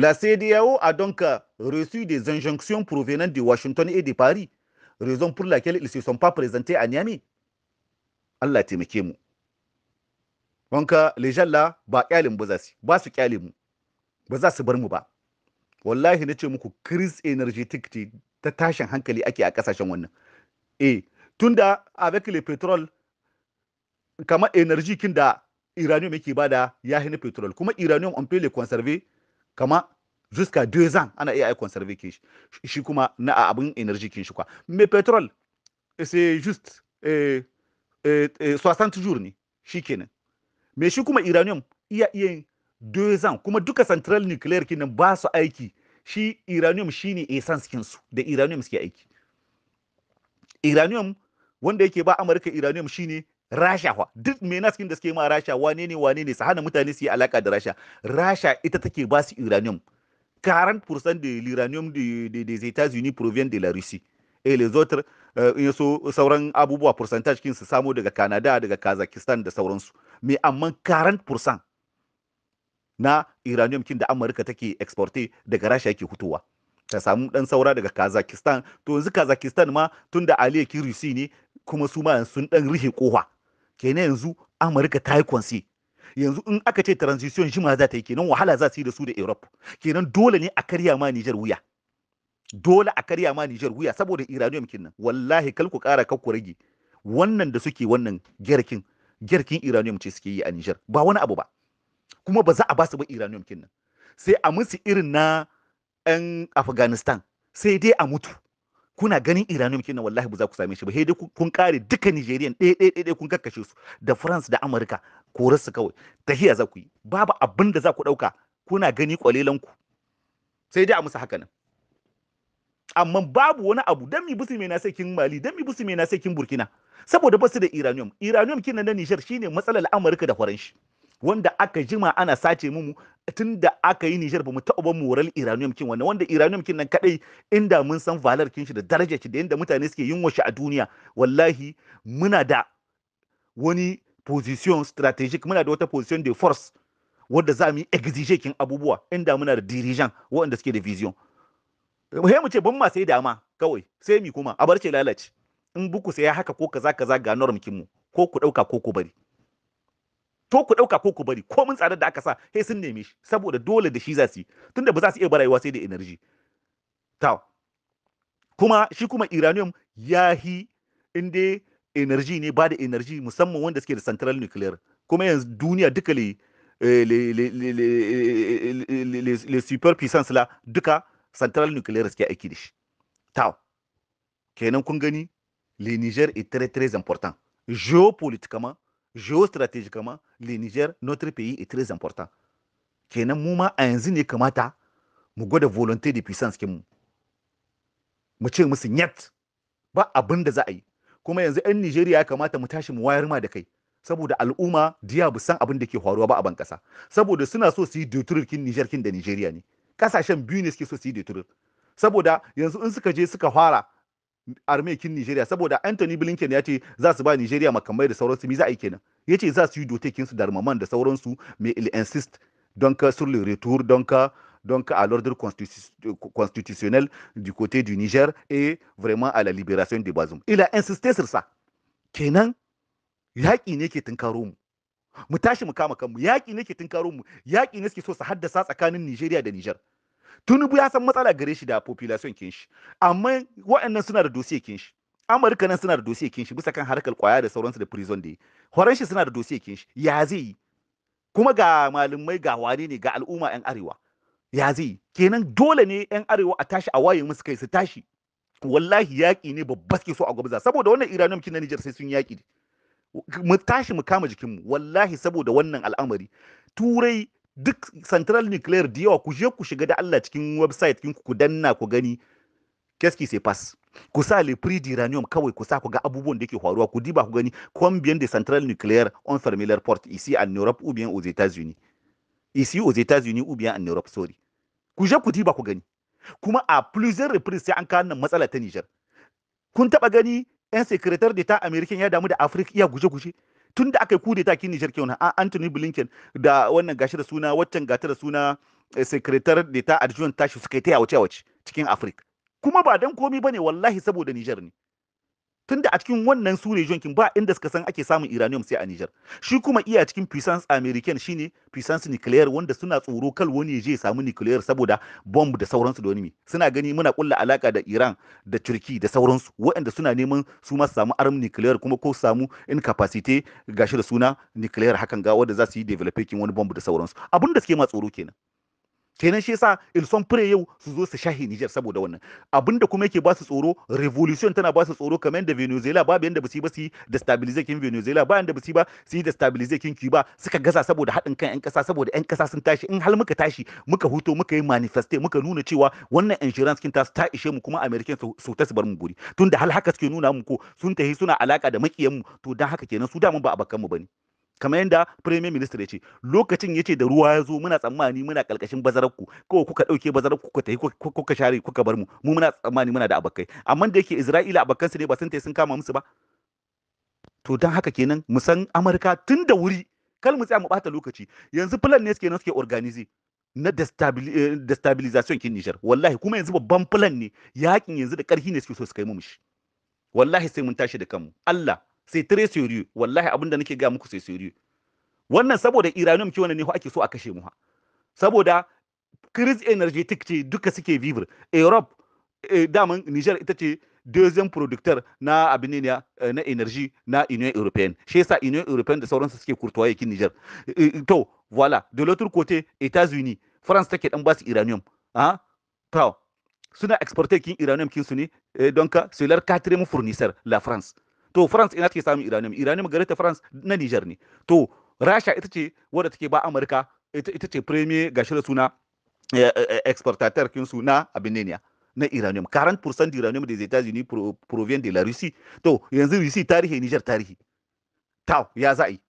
La CDAO a donc euh, reçu des injonctions provenant de Washington et de Paris, raison pour laquelle ils ne se sont pas présentés à Niamey. Allah taimake mu. Donc euh, les gens là ba za su ba kyale mu. Ba za su bar mu ba. Wallahi ce muku crise énergétique ce ta tashin hankali ake a kasashen wannan. Eh, tun da avec le pétrole kamar energy kin da uranium yake bada ya na petrol kuma uranium on peut le conserver kama jusqu'à deux ans ana iya conserver kin shi shi kuma na abin energy kin shi kwa me petrol c'est juste eh, eh, 60 jours ne kenan me shi kuma uranium iya iya deux ans kuma duka central nuclear kin ba su aiki shi uranium shine essence kin su da uranium suke aiki uranium wanda yake ba amurka uranium shine rasha fa duk cikin da suke ma rasha wane ne wane ne su hana mutane su yi alaka da rasha rasha ita take ba su uranium 40% de l'uranium de, de, des États-Unis provient de la Russie. Et les autres, euh, sauran abubuwa percentage kin su samo daga Canada, daga Kazakhstan da sauransu. Me amma 40% na uranium kin da Amurka take exporte daga Rasha yake hutuwa Ta samu dan saura daga Kazakhstan. To yanzu Kazakhstan ma tunda Ali Kirusi ne kuma su ma sun dan rihe kofa. kenan yanzu amurka ta yi kwanse yanzu in aka ce transition jima za ta yi kenan wahala za su yi da su da europe kenan dole ne a karya ma niger wuya dole a karya ma niger wuya saboda iranium kinnan wallahi kalku ku kara kar ku rage wannan da suke wannan gerkin gerkin iranium ce suke yi a niger ba wani abu ba kuma ba za a ba su ba iranium kinnan sai a musu irin na 'yan afghanistan sai dai a mutu kuna ganin iranium kenan wallahi ba za ku same shi ba dai kun kare duka nigerian ɗaya ɗaya ɗaya kun kakkashe su da france da amurka korar su kawai tahiya za ku yi babu abin da za ku ɗauka kuna gani kwalelan ku sai dai a musu haka nan amma babu wani abu dan mi busu na sai kin mali dan mi busu na sai kin burkina saboda ba su da iranium iranium kinan na nijar shine matsalar amurka da Faransi. wanda aka jima ana sace mumu tun da aka yi Nijar ba mu taɓa ba moral Iranium kin wannan wanda Iranium kin nan kadai inda mun san valar kin shi da daraja shi da yanda mutane suke yin washi a duniya wallahi muna da wani position strategic muna da wata position de force wadda za mu yi exige kin abubuwa inda muna da dirijan waɗanda suke da vision he mu ce ban ma sai dama kawai sai mi kuma a bar ce lalace in buku sai haka ko kaza kaza ga norm kin mu ko ku ɗauka ko ku bari to ku ɗauka ko ku bari ko min tsadar da aka sa sai sun neme shi saboda dole da shi za su yi tunda ba za su iya barayewa sai da energy ta kuma shi kuma iranium ya hi inda energy ne ba da energy musamman wanda suke da central nuclear kuma yanzu duniya duka le eh, le super puissance la duka central nuclear suke aiki da shi ta kenan kun gani le niger est très très important géopolitiquement géostratégiquement le Niger notre pays est très important kenan mu ma a yanzu ne kamata mu gwada volonté de puissance kinmu mu ce musu ba abin da za a yi kuma yanzu 'yan Nijeriya ya kamata mu tashi mu wayar ma da kai saboda al'umma diya bu san abin da ke faruwa ba a ban kasa saboda suna so su yi deturir kin Niger kin da Nijeriya ne kasashen biyu ne suke so su yi deturir saboda yanzu in suka je suka fara armekin Nigeria saboda Anthony Blinken ya ce za su ba Nigeria makamai da sauransu me za a yi kenan ya ce za su yi dotekin su da armaman da sauransu mais il insiste donc euh, sur le retour donc euh, donc à l'ordre constitutionnel du côté du Niger et vraiment à la libération de Bazoum. Il a insisté sur ça. Kenan yaki ne ke tunkaro mu. Mu tashi mu kama kanmu Yaki ne ke tunkaro mu Yaki ne suke so su haddasa tsakanin Nigeria da Niger. tinubu ya san matsala gare shi da population kin shi amma waɗannan suna da dosiye kin shi amurka nan suna da dosiye kin shi bisa kan harkar kwaya da sauransu da prison da Horan shi suna da dosiye kin shi ya zai kuma ga malumai ga wane ne ga al'umma yan arewa ya zai kenan dole ne yan arewa a tashi a waye musu kai su tashi wallahi yaƙi ne babba ke so a gwabza saboda wannan iranium kin na Niger sai sun yaƙi mu tashi mu kama jikinmu wallahi saboda wannan al'amari turai duk central nuclear da yawa ku je ku shiga da Allah cikin website kin ku danna ku gani keski sai pass ku sa le prix d'uranium kawai ku sa ku ga abubuwan da yake faruwa ku diba ku gani combien de central nuclear on familiar port ici en Europe ou bien aux États-Unis ici aux États-Unis ou bien en Europe sorry ku je ku diba ku gani kuma a plusieurs reprises sai an kawo nan matsala ta Niger kun taba gani yan secrétaire d'État américain ya damu da Afrique ya guje-guje tun da aka yi kudeta kin Nijar an Anthony Blinken da wannan gashi da suna waccan gata da suna eh, sekretar da ta adjoint tashi suka yi ta yawace yawace cikin Afirka, kuma ba don komi bane wallahi saboda Nijar ne tunda a cikin wannan su region kin ba inda suka san ake samun uranium sai a Niger shi kuma iya cikin puissance american shine puissance nuclear wanda suna tsoro kal wani je samu nuclear saboda bomb da sauransu da wani suna gani muna kulla alaka da Iran da Turki da sauransu waɗanda suna neman su ma samu arm nuclear kuma ko samu incapacity gashi da suna nuclear hakan ga wanda za su yi developing wani bomb da sauransu abin da suke ma tsoro kenan kenan shi yasa ilson fure yau su zo su shahi Niger saboda wannan da kuma yake ba su tsoro revolution tana ba su tsoro kamar da Venezuela babu yadda basu ba su destabilize kin Venezuela ba da basu ba su destabilize kin Cuba suka gaza saboda haɗin kan ƴan ƙasa saboda ƴan ƙasa sun tashi in hal muka tashi muka huto muka yi manifeste muka nuna cewa wannan insurance kin ta ta ishe mu kuma American su ta su bar mu guri tunda hal haka suke nuna mu ko sun tahi suna alaka da makiyan mu to dan haka kenan su da mun ba abakan mu bane kamar yadda premier minister ya ce lokacin ya ce da ruwa ya zo muna tsammani muna bazarar bazararku kawai kuka ɗauke bazararku kuka tafi kuka share kuka bar mu mu muna tsammani muna da abakai amma da yake isra'ila abakansu ne ba sun sun kama musu ba to don haka kenan mu san amurka tun da wuri kal mu tsaya mu bata lokaci yanzu plan ne suke nan suke organize na eh, destabilization kin Niger wallahi kuma yanzu babban plan ne yakin yanzu da karhi ne suke so su kai mu mishi wallahi sai mun tashi da kanmu Allah sai tire suriyu wallahi abin da nake ga muku sai suriyu wannan saboda iranium ke wannan ne ake so a kashe mu saboda crise energetic ce duka suke vivre europe eh, daman niger ita ce deuxième producteur na abin eh, na energy na union européenne shi yasa union européenne da sauransu suke kurtuwaye kin niger eh, to voilà de l'autre côté états-unis france take dan basu iranium ha ah, to suna exporter kin iranium kin su ne donc c'est leur quatrième fournisseur la france to France ina take samun uranium uranium gare ta France na Niger ne to Rasha ita ce wadda take ba Amurka ita ce premier gashi da suna eh, eh, eh, exportateur kinsu na Abinenia na uranium 40% uranium des États-Unis provient de la Russie to yanzu Russie tarihi Niger tarihi tau ya za yi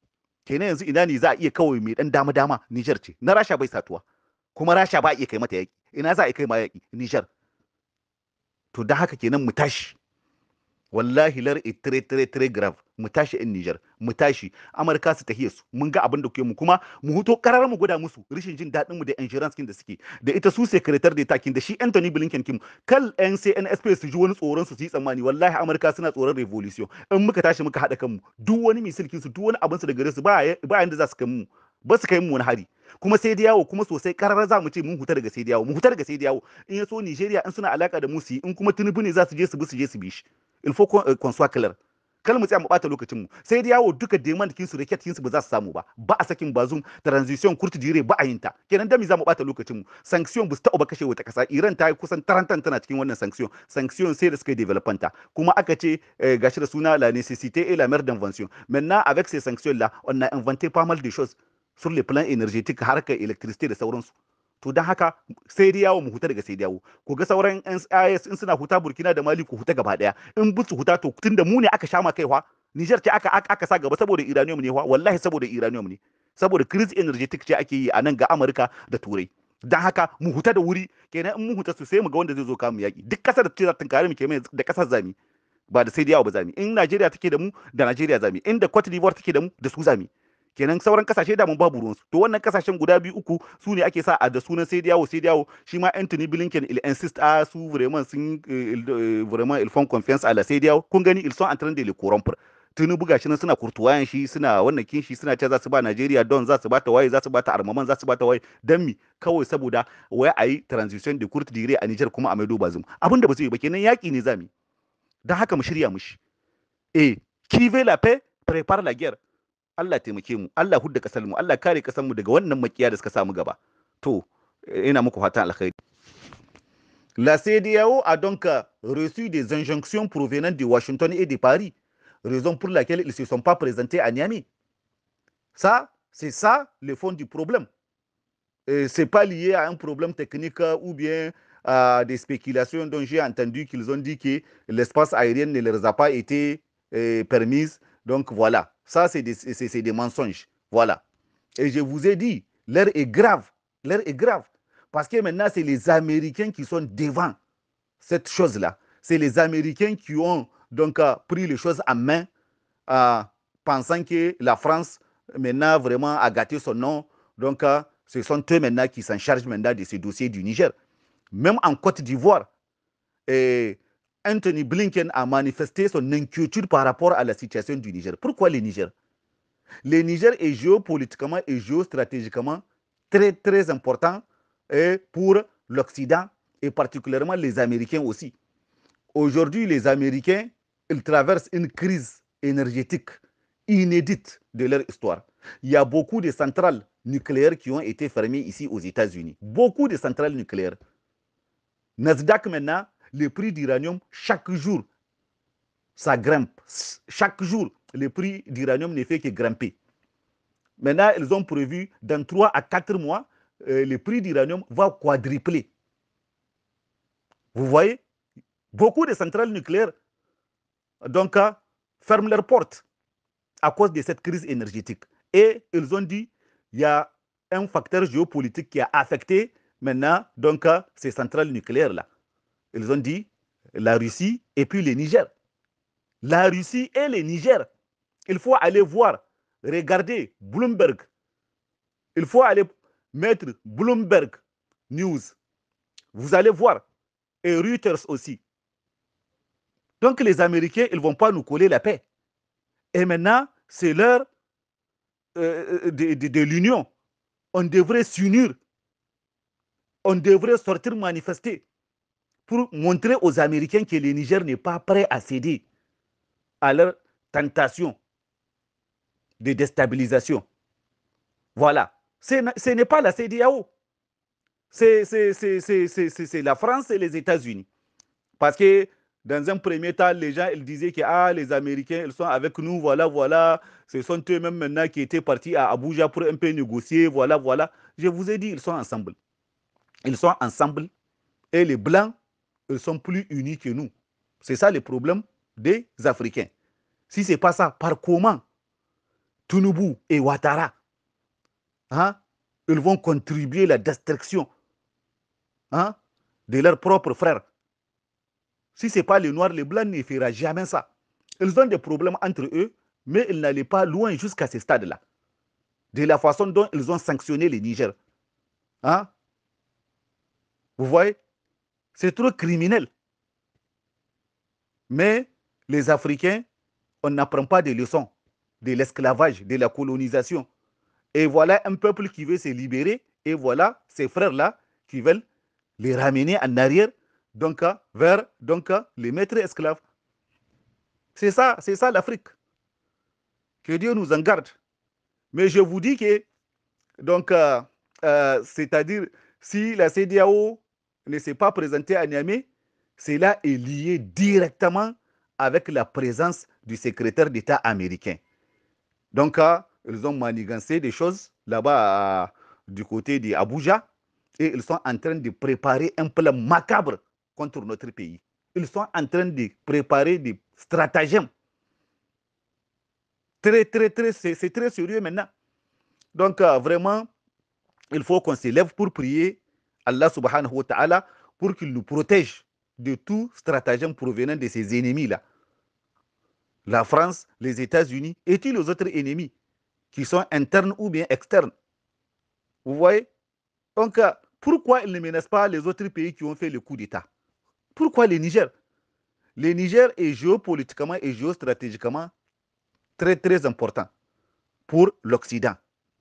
kenan yanzu ina ne za a iya kawai mai dan dama dama Niger ce na Rasha bai satuwa kuma Rasha ba iya kai mata yaki ina za a kai ma yaki Niger to da haka kenan mu tashi wallahi lar itire tire tire grave mu tashi in Niger mu tashi Amurka su tahiye su mun ga abin da kuke mu kuma mu huto karar mu gwada musu rishin jin daɗin mu da insurance kin da suke da ita su secretary da takin da shi Anthony Blinken kin kal NCNSP su ji wani tsoron su su yi tsammani wallahi Amurka suna tsoron revolution in muka tashi muka hada kanmu duk wani misil su duk wani abin su da gare su ba ba yanda za su kanmu. mu ba su kai mu wani hari kuma sai da yawo kuma sosai karar za mu ce mun huta daga sai da yawo mun huta daga sai da yawo in ya so Nigeria in suna alaka da mu su in kuma Tinubu ne za su je su bi su je su bi shi il faut qu'on euh, soit clair kar mu tsaya mu bata lokacin mu sai da yawo duka demand kin su racket kin su ba za su samu ba ba a sakin bazum transition kurtu jire ba a yin ta kenan da mi za mu bata lokacin mu sanction bu su taɓa kashe wata kasa Iran ta yi kusan tarantan tana cikin wannan sanction sanction sai da suka development ta kuma aka ce eh, gashi da suna la necessité et la mère d'invention maintenant avec ces sanctions là on a inventé pas mal de choses sur le plan har harkar electricity da sauransu to don haka sai dai yawo mu huta daga sai dawo ku ga sauran NIS in suna huta Burkina da Mali ku huta gaba daya in bu su huta to tunda mu ne aka sha ma kaiwa Niger ce aka aka sa gaba saboda uranium ne wa wallahi saboda uranium ne saboda crisis energetic ce ake yi a nan ga Amurka da Turai dan haka mu huta da wuri kenan in mu huta su sai mu ga wanda zai zo kamu yaki duk kasar da ce za ta tunkare mu kenan da kasar zami ba da sai dai yawo ba zami in Najeriya take da mu da Najeriya zami in da Cote d'Ivoire take da mu da su zami kenan sauran kasashe da mun babu ruwansu to wannan kasashen guda biyu uku su ne ake sa a da sunan sai dawo sai dawo shi ma Anthony Blinken il insist a ah, su vraiment sun eh, eh, vraiment il font confiance à la sai dawo kun gani ils sont en train de le corrompre tunubu buga nan suna kurtuwayan shi suna wannan kin shi suna ce za su ba Najeriya don za su ba ta waye za su ba ta armaman za su ba ta waye dan mi kawai saboda waye ayi transition de courte durée a Niger kuma a Maido Bazum abinda ba su yi ba kenan yaki ne zami dan haka mu shirya mushi eh qui veut la paix prépare la guerre La CDAO a donc reçu des injonctions provenant de Washington et de Paris, raison pour laquelle ils ne se sont pas présentés à Niamey. Ça, c'est ça le fond du problème. Ce n'est pas lié à un problème technique ou bien à des spéculations dont j'ai entendu qu'ils ont dit que l'espace aérien ne leur a pas été euh, permise donc voilà, ça c'est des, mensonges. Voilà. Et je vous ai dit, l'heure est grave. L'heure est grave. Parce que maintenant, c'est les Américains qui sont devant cette chose-là. C'est les Américains qui ont donc euh, pris les choses en main, euh, pensant que la France, maintenant, vraiment a gâté son nom. Donc, euh, ce sont eux maintenant qui s'en chargent maintenant de ce dossier du Niger. Même en Côte d'Ivoire, et Anthony Blinken a manifesté son inquiétude par rapport à la situation du Niger. Pourquoi le Niger Le Niger est géopolitiquement et géostratégiquement très très important pour l'Occident et particulièrement les Américains aussi. Aujourd'hui, les Américains, ils traversent une crise énergétique inédite de leur histoire. Il y a beaucoup de centrales nucléaires qui ont été fermées ici aux États-Unis. Beaucoup de centrales nucléaires. Nasdaq maintenant le prix d'uranium, chaque jour, ça grimpe. Chaque jour, le prix d'uranium ne fait que grimper. Maintenant, ils ont prévu, dans 3 à 4 mois, euh, le prix d'uranium va quadrupler. Vous voyez Beaucoup de centrales nucléaires donc, hein, ferment leurs portes à cause de cette crise énergétique. Et ils ont dit, il y a un facteur géopolitique qui a affecté maintenant donc, hein, ces centrales nucléaires-là. Ils ont dit la Russie et puis le Niger. La Russie et le Niger. Il faut aller voir, regarder Bloomberg. Il faut aller mettre Bloomberg News. Vous allez voir. Et Reuters aussi. Donc les Américains, ils ne vont pas nous coller la paix. Et maintenant, c'est l'heure euh, euh, de l'union. On devrait s'unir. On devrait sortir manifester pour montrer aux Américains que le Niger n'est pas prêt à céder à leur tentation de déstabilisation. Voilà. Ce n'est pas la CDAO. C'est la France et les États-Unis. Parce que dans un premier temps, les gens ils disaient que ah, les Américains ils sont avec nous, voilà, voilà. Ce sont eux-mêmes maintenant qui étaient partis à Abuja pour un peu négocier, voilà, voilà. Je vous ai dit, ils sont ensemble. Ils sont ensemble. Et les Blancs ils sont plus unis que nous. C'est ça le problème des Africains. Si ce n'est pas ça, par comment Tunubu et Ouattara, hein, ils vont contribuer à la destruction hein, de leurs propres frères. Si ce n'est pas les Noirs, les Blancs ne fera jamais ça. Ils ont des problèmes entre eux, mais ils n'allaient pas loin jusqu'à ce stade-là. De la façon dont ils ont sanctionné les Niger. Hein. Vous voyez c'est trop criminel. Mais les Africains, on n'apprend pas des leçons de l'esclavage, de la colonisation. Et voilà un peuple qui veut se libérer. Et voilà ces frères-là qui veulent les ramener en arrière, donc vers donc, les maîtres esclaves. C'est ça, c'est ça l'Afrique. Que Dieu nous en garde. Mais je vous dis que, donc, euh, euh, c'est-à-dire, si la CDAO ne s'est pas présenté à Niamey, cela est lié directement avec la présence du secrétaire d'État américain. Donc, ah, ils ont manigancé des choses là-bas ah, du côté d'Abuja et ils sont en train de préparer un plan macabre contre notre pays. Ils sont en train de préparer des stratagèmes. Très, très, très, c'est très sérieux maintenant. Donc, ah, vraiment, il faut qu'on se lève pour prier Allah subhanahu wa ta'ala pour qu'il nous protège de tout stratagème provenant de ses ennemis-là. La France, les États-Unis et tous les autres ennemis qui sont internes ou bien externes. Vous voyez Donc, euh, pourquoi ils ne menacent pas les autres pays qui ont fait le coup d'État Pourquoi le Niger Le Niger est géopolitiquement et géostratégiquement très très important pour l'Occident,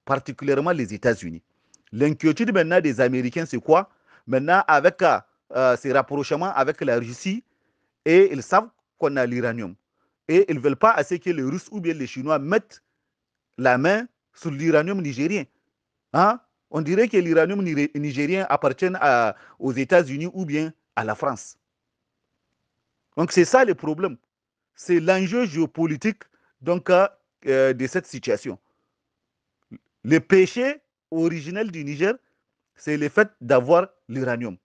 particulièrement les États-Unis. L'inquiétude maintenant des Américains, c'est quoi Maintenant, avec euh, euh, ces rapprochements avec la Russie, et ils savent qu'on a l'uranium. Et ils ne veulent pas que les Russes ou bien les Chinois mettent la main sur l'uranium nigérien. Hein? On dirait que l'uranium nigérien appartient aux États-Unis ou bien à la France. Donc c'est ça le problème. C'est l'enjeu géopolitique donc, euh, de cette situation. Le péché originelle du Niger, c'est le fait d'avoir l'uranium.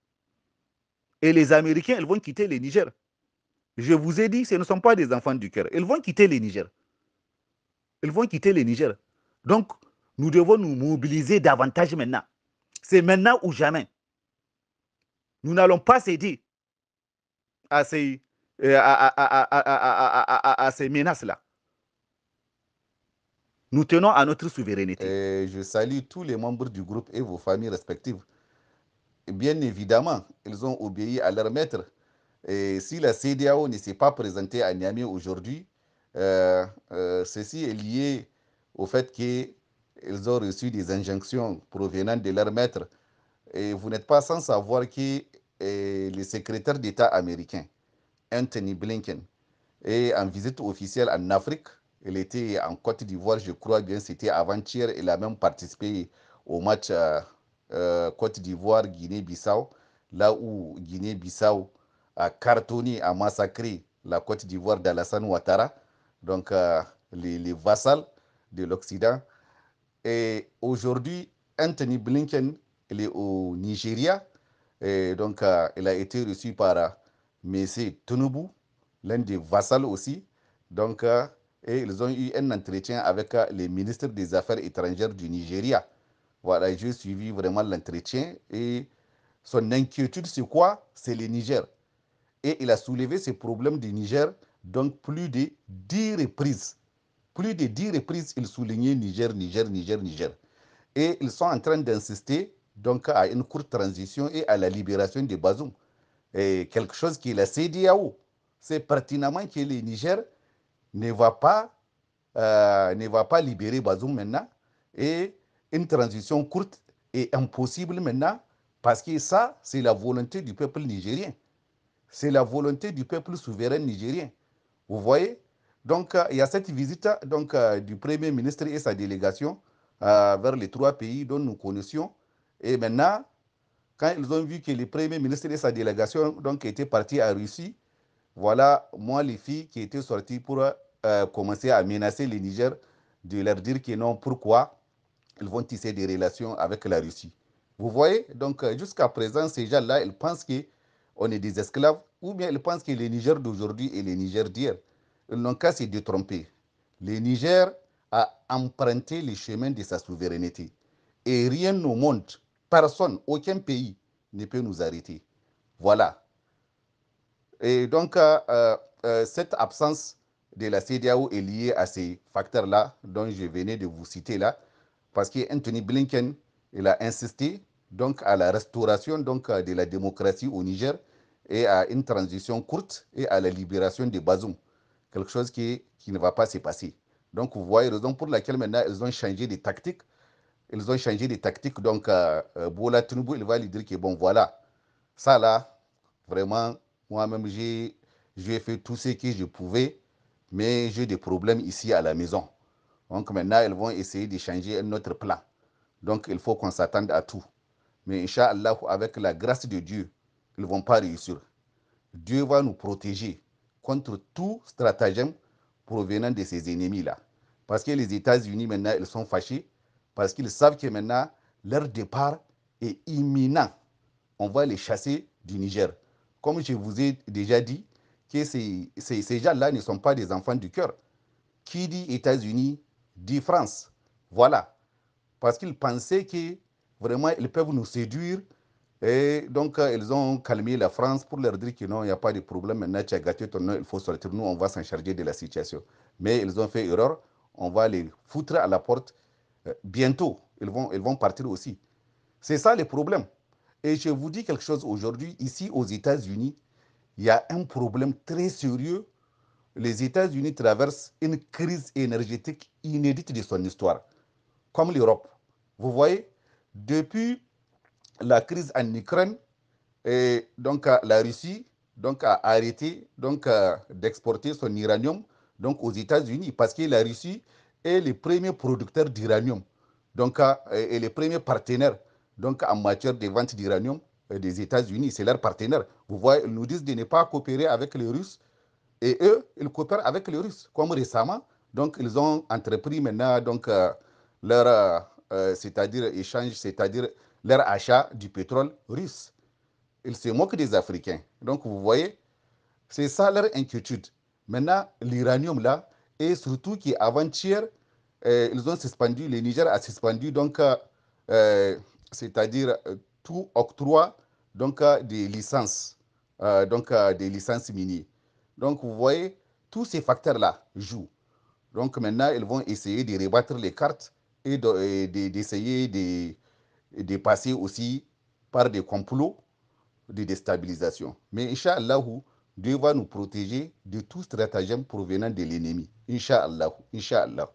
Et les Américains, ils vont quitter le Niger. Je vous ai dit, ce ne sont pas des enfants du cœur. Ils vont quitter le Niger. Ils vont quitter le Niger. Donc, nous devons nous mobiliser davantage maintenant. C'est maintenant ou jamais. Nous n'allons pas céder à ces, à ces menaces-là. Nous tenons à notre souveraineté. je salue tous les membres du groupe et vos familles respectives. Bien évidemment, ils ont obéi à leur maître. Et si la CDAO ne s'est pas présentée à Niamey aujourd'hui, euh, euh, ceci est lié au fait qu'ils ont reçu des injonctions provenant de leur maître. Et vous n'êtes pas sans savoir que euh, le secrétaire d'État américain, Anthony Blinken, est en visite officielle en Afrique elle était en Côte d'Ivoire, je crois bien, c'était avant-hier. Elle a même participé au match euh, euh, Côte d'Ivoire-Guinée-Bissau, là où Guinée-Bissau a cartonné, a massacré la Côte d'Ivoire d'Alassane Ouattara, donc euh, les, vassals de l'Occident. Et aujourd'hui, Anthony Blinken, il est au Nigeria, et donc il a été reçu par Messie Tunubu, l'un des vassals aussi. Donc, et ils ont eu un entretien avec euh, les ministres des Affaires étrangères du Nigeria. Voilà, j'ai suivi vraiment l'entretien et son inquiétude, c'est quoi C'est le Niger. Et il a soulevé ces problèmes du Niger, donc plus de dix reprises. Plus de dix reprises, il soulignait Niger, Niger, Niger, Niger. Et ils sont en train d'insister donc à une courte transition et à la libération de Bazoum. Et quelque chose qu'il a cédé à haut C'est pertinemment que le Niger ne va pas, euh, ne va pas libérer Bazoum maintenant. Et une transition courte est impossible maintenant parce que ça, c'est la volonté du peuple nigérien. C'est la volonté du peuple souverain nigérien. Vous voyez Donc, euh, il y a cette visite donc, euh, du Premier ministre et sa délégation vers les trois pays dont nous connaissions. Et maintenant, quand ils ont vu que le Premier ministre et sa délégation donc, étaient partis à Russie, voilà, moi, les filles qui étaient sorties pour euh, commencer à menacer les Niger de leur dire que non, pourquoi ils vont tisser des relations avec la Russie. Vous voyez, donc euh, jusqu'à présent, ces gens-là, ils pensent qu'on est des esclaves, ou bien ils pensent que les Niger d'aujourd'hui et les Niger d'hier, ils n'ont qu'à se détromper. Les Niger a emprunté les chemins de sa souveraineté. Et rien nous montre, personne, aucun pays ne peut nous arrêter. Voilà. Et donc, euh, cette absence de la CDAO est liée à ces facteurs-là dont je venais de vous citer là, parce qu'Anthony Blinken, il a insisté donc à la restauration donc de la démocratie au Niger et à une transition courte et à la libération de Bazoum, quelque chose qui, qui ne va pas se passer. Donc vous voyez raison pour laquelle maintenant ils ont changé de tactique. Ils ont changé de tactique. Donc euh, euh Bola il va lui dire que bon voilà, ça là, vraiment, moi-même j'ai fait tout ce que je pouvais mais j'ai des problèmes ici à la maison. Donc maintenant, ils vont essayer de changer notre plan. Donc il faut qu'on s'attende à tout. Mais Inch'Allah, avec la grâce de Dieu, ils ne vont pas réussir. Dieu va nous protéger contre tout stratagème provenant de ces ennemis-là. Parce que les États-Unis, maintenant, ils sont fâchés parce qu'ils savent que maintenant, leur départ est imminent. On va les chasser du Niger. Comme je vous ai déjà dit, que ces, ces, gens-là ne sont pas des enfants du cœur. Qui dit États-Unis dit France. Voilà. Parce qu'ils pensaient que vraiment, ils peuvent nous séduire. Et donc, euh, ils ont calmé la France pour leur dire que non, il n'y a pas de problème. Maintenant, tu as il faut sortir. Nous, on va s'en charger de la situation. Mais ils ont fait erreur. On va les foutre à la porte euh, bientôt. Ils vont, ils vont partir aussi. C'est ça le problème. Et je vous dis quelque chose aujourd'hui, ici aux États-Unis, il y a un problème très sérieux. Les États-Unis traversent une crise énergétique inédite de son histoire, comme l'Europe. Vous voyez, depuis la crise en Ukraine, et donc euh, la Russie donc, a arrêté donc, euh, d'exporter son uranium donc, aux États-Unis parce que la Russie est le premier producteur d'uranium donc, euh, et le premier partenaire donc, en matière de vente d'uranium euh, des États-Unis, c'est leur partenaire. Vous voyez, ils nous disent de ne pas coopérer avec les Russes et eux, ils coopèrent avec les Russes, comme récemment. Donc, ils ont entrepris maintenant donc, euh, leur euh, c'est-à-dire échange, c'est-à-dire leur achat du pétrole russe. Ils se moquent des Africains. Donc, vous voyez, c'est ça leur inquiétude. Maintenant, l'uranium là, et surtout qu'avant-hier, ils ont suspendu, le Niger a suspendu, donc, c'est-à-dire tout octroi donc, euh, des licences, euh, donc, euh, des licences minières. Donc, vous voyez, tous ces facteurs-là jouent. Donc, maintenant, ils vont essayer de rebattre les cartes et d'essayer de, passer aussi par des complots de déstabilisation. Mais Inch'Allah, Dieu va nous protéger de tout stratagème provenant de l'ennemi. Inch'Allah, Inch'Allah.